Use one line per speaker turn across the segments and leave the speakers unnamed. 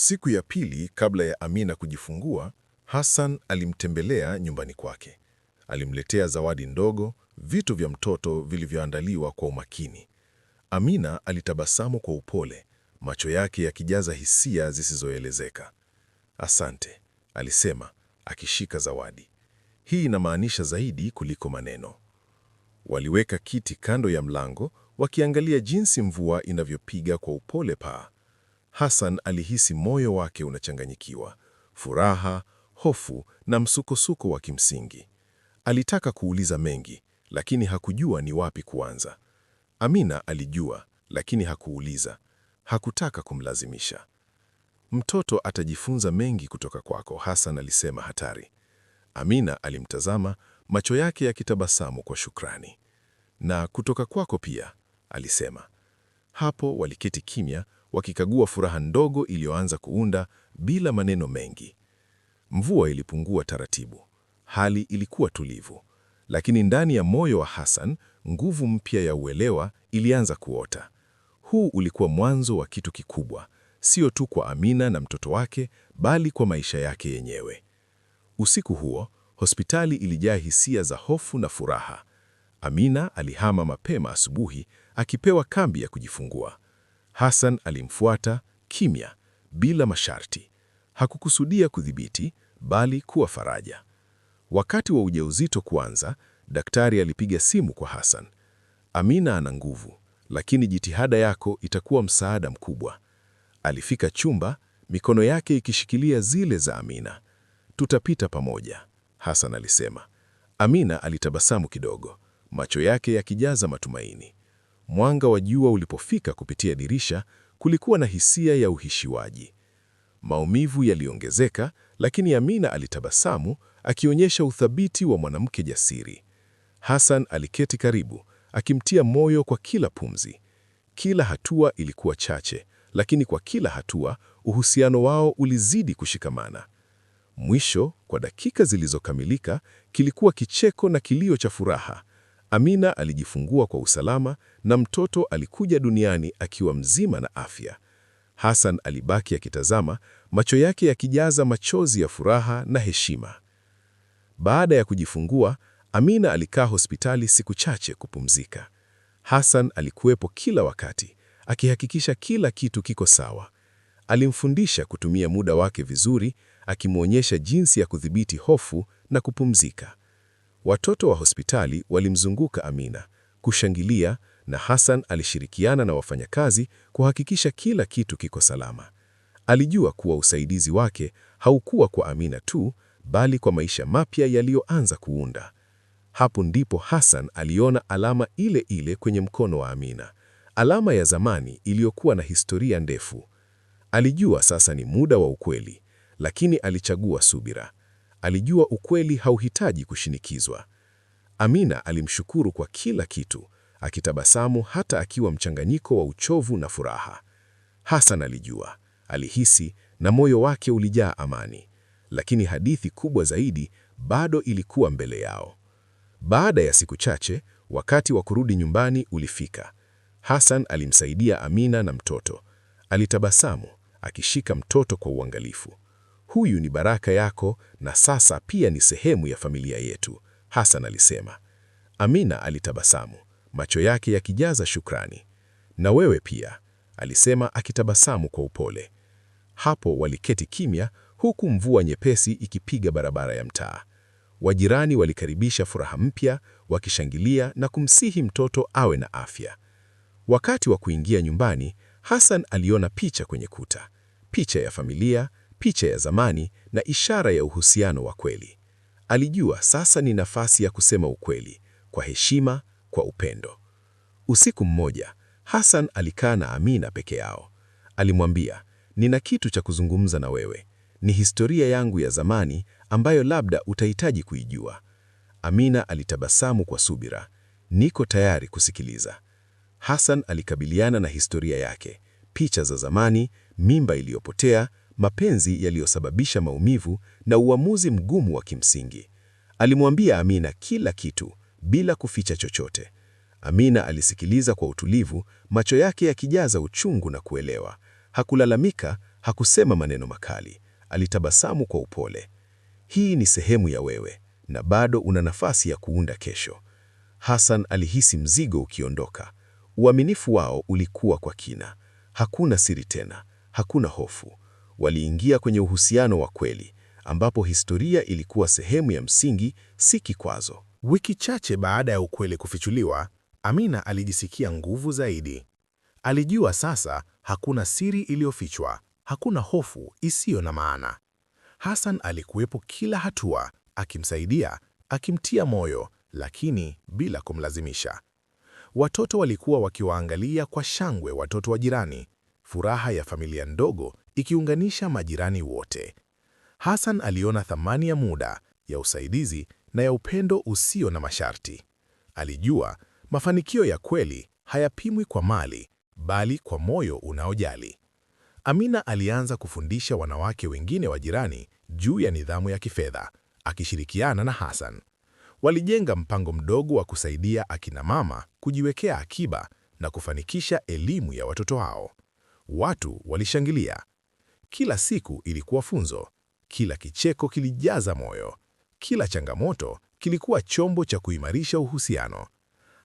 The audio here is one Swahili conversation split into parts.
Siku ya pili kabla ya Amina kujifungua, Hassan alimtembelea nyumbani kwake. Alimletea zawadi ndogo, vitu vya mtoto vilivyoandaliwa kwa umakini. Amina alitabasamu kwa upole, macho yake yakijaza hisia zisizoelezeka. Asante, alisema akishika zawadi. Hii inamaanisha zaidi kuliko maneno. Waliweka kiti kando ya mlango, wakiangalia jinsi mvua inavyopiga kwa upole paa. Hassan alihisi moyo wake unachanganyikiwa, furaha, hofu na msukosuko wa kimsingi. Alitaka kuuliza mengi, lakini hakujua ni wapi kuanza. Amina alijua, lakini hakuuliza. Hakutaka kumlazimisha. Mtoto atajifunza mengi kutoka kwako, Hassan alisema hatari. Amina alimtazama, macho yake yakitabasamu kwa shukrani. Na kutoka kwako pia, alisema. Hapo waliketi kimya, wakikagua furaha ndogo iliyoanza kuunda bila maneno mengi. Mvua ilipungua taratibu, hali ilikuwa tulivu, lakini ndani ya moyo wa Hassan nguvu mpya ya uelewa ilianza kuota. Huu ulikuwa mwanzo wa kitu kikubwa, sio tu kwa Amina na mtoto wake, bali kwa maisha yake yenyewe. Usiku huo hospitali ilijaa hisia za hofu na furaha. Amina alihama mapema asubuhi, akipewa kambi ya kujifungua. Hassan alimfuata kimya, bila masharti. Hakukusudia kudhibiti, bali kuwa faraja. Wakati wa ujauzito kuanza, daktari alipiga simu kwa Hassan. Amina ana nguvu, lakini jitihada yako itakuwa msaada mkubwa. Alifika chumba, mikono yake ikishikilia zile za Amina. Tutapita pamoja, Hassan alisema. Amina alitabasamu kidogo, macho yake yakijaza matumaini. Mwanga wa jua ulipofika kupitia dirisha, kulikuwa na hisia ya uhishiwaji. Maumivu yaliongezeka, lakini Amina alitabasamu, akionyesha uthabiti wa mwanamke jasiri. Hassan aliketi karibu, akimtia moyo kwa kila pumzi. Kila hatua ilikuwa chache, lakini kwa kila hatua uhusiano wao ulizidi kushikamana. Mwisho, kwa dakika zilizokamilika, kilikuwa kicheko na kilio cha furaha, Amina alijifungua kwa usalama na mtoto alikuja duniani akiwa mzima na afya. Hassan alibaki akitazama, macho yake yakijaza machozi ya furaha na heshima. Baada ya kujifungua, Amina alikaa hospitali siku chache kupumzika. Hassan alikuwepo kila wakati, akihakikisha kila kitu kiko sawa. Alimfundisha kutumia muda wake vizuri, akimwonyesha jinsi ya kudhibiti hofu na kupumzika. Watoto wa hospitali walimzunguka Amina kushangilia, na Hassan alishirikiana na wafanyakazi kuhakikisha kila kitu kiko salama. Alijua kuwa usaidizi wake haukuwa kwa Amina tu, bali kwa maisha mapya yaliyoanza kuunda. Hapo ndipo Hassan aliona alama ile ile kwenye mkono wa Amina, alama ya zamani iliyokuwa na historia ndefu. Alijua sasa ni muda wa ukweli, lakini alichagua subira alijua ukweli hauhitaji kushinikizwa. Amina alimshukuru kwa kila kitu, akitabasamu hata akiwa mchanganyiko wa uchovu na furaha. Hassan alijua, alihisi, na moyo wake ulijaa amani. Lakini hadithi kubwa zaidi bado ilikuwa mbele yao. Baada ya siku chache, wakati wa kurudi nyumbani ulifika. Hassan alimsaidia Amina na mtoto. Alitabasamu, akishika mtoto kwa uangalifu. Huyu ni baraka yako na sasa pia ni sehemu ya familia yetu, Hassan alisema. Amina alitabasamu, macho yake yakijaza shukrani. Na wewe pia, alisema akitabasamu kwa upole. Hapo waliketi kimya, huku mvua nyepesi ikipiga barabara ya mtaa. Wajirani walikaribisha furaha mpya, wakishangilia na kumsihi mtoto awe na afya. Wakati wa kuingia nyumbani, Hassan aliona picha kwenye kuta, picha ya familia picha ya zamani na ishara ya uhusiano wa kweli. Alijua sasa ni nafasi ya kusema ukweli kwa heshima, kwa upendo. Usiku mmoja, Hassan alikaa na Amina peke yao. Alimwambia, nina kitu cha kuzungumza na wewe, ni historia yangu ya zamani ambayo labda utahitaji kuijua. Amina alitabasamu kwa subira, niko tayari kusikiliza. Hassan alikabiliana na historia yake, picha za zamani, mimba iliyopotea mapenzi yaliyosababisha maumivu na uamuzi mgumu wa kimsingi. Alimwambia Amina kila kitu bila kuficha chochote. Amina alisikiliza kwa utulivu, macho yake yakijaza uchungu na kuelewa. Hakulalamika, hakusema maneno makali, alitabasamu kwa upole. Hii ni sehemu ya wewe na bado una nafasi ya kuunda kesho. Hassan alihisi mzigo ukiondoka. Uaminifu wao ulikuwa kwa kina. Hakuna siri tena, hakuna hofu waliingia kwenye uhusiano wa kweli, ambapo historia ilikuwa sehemu ya msingi, si kikwazo.
Wiki chache baada ya ukweli kufichuliwa, Amina alijisikia nguvu zaidi. Alijua sasa hakuna siri iliyofichwa, hakuna hofu isiyo na maana. Hassan alikuwepo kila hatua, akimsaidia, akimtia moyo, lakini bila kumlazimisha. Watoto walikuwa wakiwaangalia kwa shangwe, watoto wa jirani, furaha ya familia ndogo ikiunganisha majirani wote. Hassan aliona thamani ya muda, ya usaidizi na ya upendo usio na masharti. Alijua mafanikio ya kweli hayapimwi kwa mali, bali kwa moyo unaojali. Amina alianza kufundisha wanawake wengine wa jirani juu ya nidhamu ya kifedha, akishirikiana na Hassan. Walijenga mpango mdogo wa kusaidia akina mama kujiwekea akiba na kufanikisha elimu ya watoto wao. Watu walishangilia, kila siku ilikuwa funzo, kila kicheko kilijaza moyo, kila changamoto kilikuwa chombo cha kuimarisha uhusiano.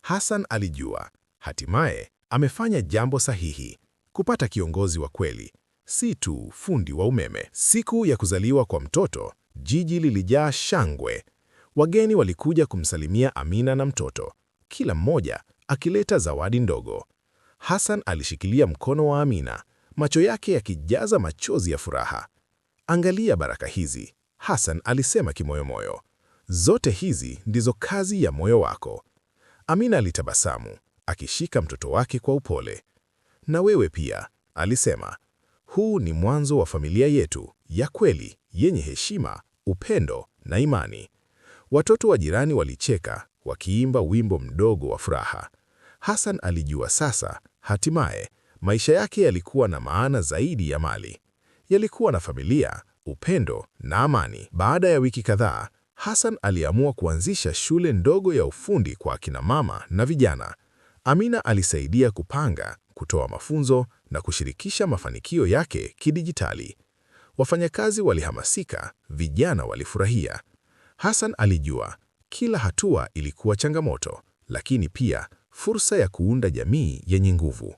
Hassan alijua hatimaye amefanya jambo sahihi, kupata kiongozi wa kweli, si tu fundi wa umeme. Siku ya kuzaliwa kwa mtoto, jiji lilijaa shangwe. Wageni walikuja kumsalimia Amina na mtoto, kila mmoja akileta zawadi ndogo. Hassan alishikilia mkono wa Amina macho yake yakijaza machozi ya furaha. Angalia baraka hizi, Hassan alisema kimoyomoyo. Zote hizi ndizo kazi ya moyo wako. Amina alitabasamu akishika mtoto wake kwa upole. Na wewe pia, alisema. Huu ni mwanzo wa familia yetu ya kweli yenye heshima, upendo na imani. Watoto wa jirani walicheka wakiimba wimbo mdogo wa furaha. Hassan alijua sasa, hatimaye Maisha yake yalikuwa na maana zaidi ya mali. Yalikuwa na familia, upendo na amani. Baada ya wiki kadhaa, Hassan aliamua kuanzisha shule ndogo ya ufundi kwa akina mama na vijana. Amina alisaidia kupanga, kutoa mafunzo na kushirikisha mafanikio yake kidijitali. Wafanyakazi walihamasika, vijana walifurahia. Hassan alijua kila hatua ilikuwa changamoto, lakini pia fursa ya kuunda jamii yenye nguvu.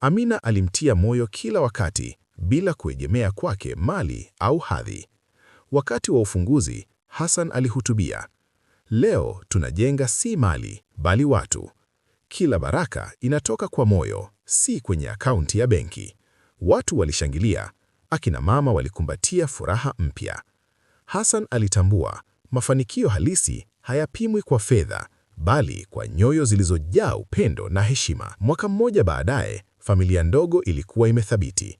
Amina alimtia moyo kila wakati bila kuegemea kwake mali au hadhi. Wakati wa ufunguzi, Hassan alihutubia, leo tunajenga si mali bali watu. Kila baraka inatoka kwa moyo, si kwenye akaunti ya benki. Watu walishangilia, akina mama walikumbatia furaha mpya. Hassan alitambua mafanikio halisi hayapimwi kwa fedha, bali kwa nyoyo zilizojaa upendo na heshima. Mwaka mmoja baadaye, familia ndogo ilikuwa imethabiti.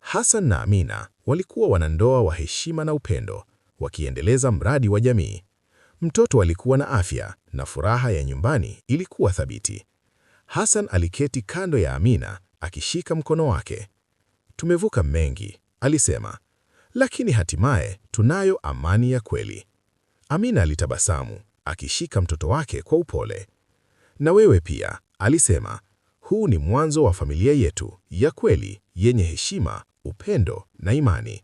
Hassan na Amina walikuwa wanandoa wa heshima na upendo, wakiendeleza mradi wa jamii. Mtoto alikuwa na afya na furaha ya nyumbani ilikuwa thabiti. Hassan aliketi kando ya Amina akishika mkono wake. Tumevuka mengi, alisema, lakini hatimaye tunayo amani ya kweli. Amina alitabasamu akishika mtoto wake kwa upole. Na wewe pia, alisema, huu ni mwanzo wa familia yetu ya kweli yenye heshima, upendo na imani.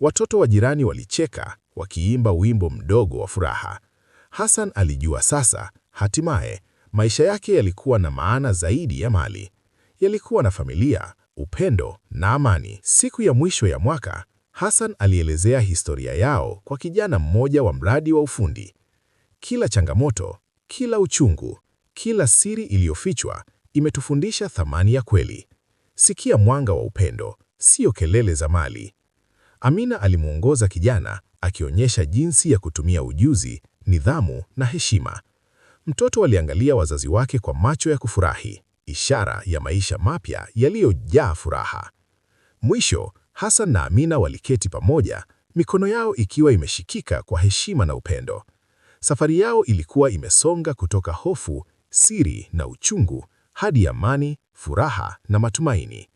Watoto wa jirani walicheka wakiimba wimbo mdogo wa furaha. Hassan alijua sasa, hatimaye, maisha yake yalikuwa na maana zaidi ya mali. Yalikuwa na familia, upendo na amani. Siku ya mwisho ya mwaka, Hassan alielezea historia yao kwa kijana mmoja wa mradi wa ufundi. Kila changamoto, kila uchungu, kila siri iliyofichwa imetufundisha thamani ya kweli. Sikia mwanga wa upendo, sio kelele za mali. Amina alimwongoza kijana akionyesha jinsi ya kutumia ujuzi, nidhamu na heshima. Mtoto aliangalia wazazi wake kwa macho ya kufurahi, ishara ya maisha mapya yaliyojaa furaha. Mwisho, Hassan na Amina waliketi pamoja, mikono yao ikiwa imeshikika kwa heshima na upendo. Safari yao ilikuwa imesonga kutoka hofu, siri na uchungu hadi amani, furaha na matumaini.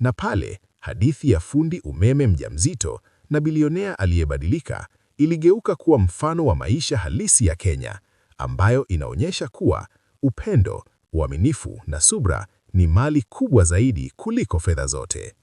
Na pale hadithi ya fundi umeme mjamzito na bilionea aliyebadilika iligeuka kuwa mfano wa maisha halisi ya Kenya, ambayo inaonyesha kuwa upendo, uaminifu na subra ni mali kubwa zaidi kuliko fedha zote.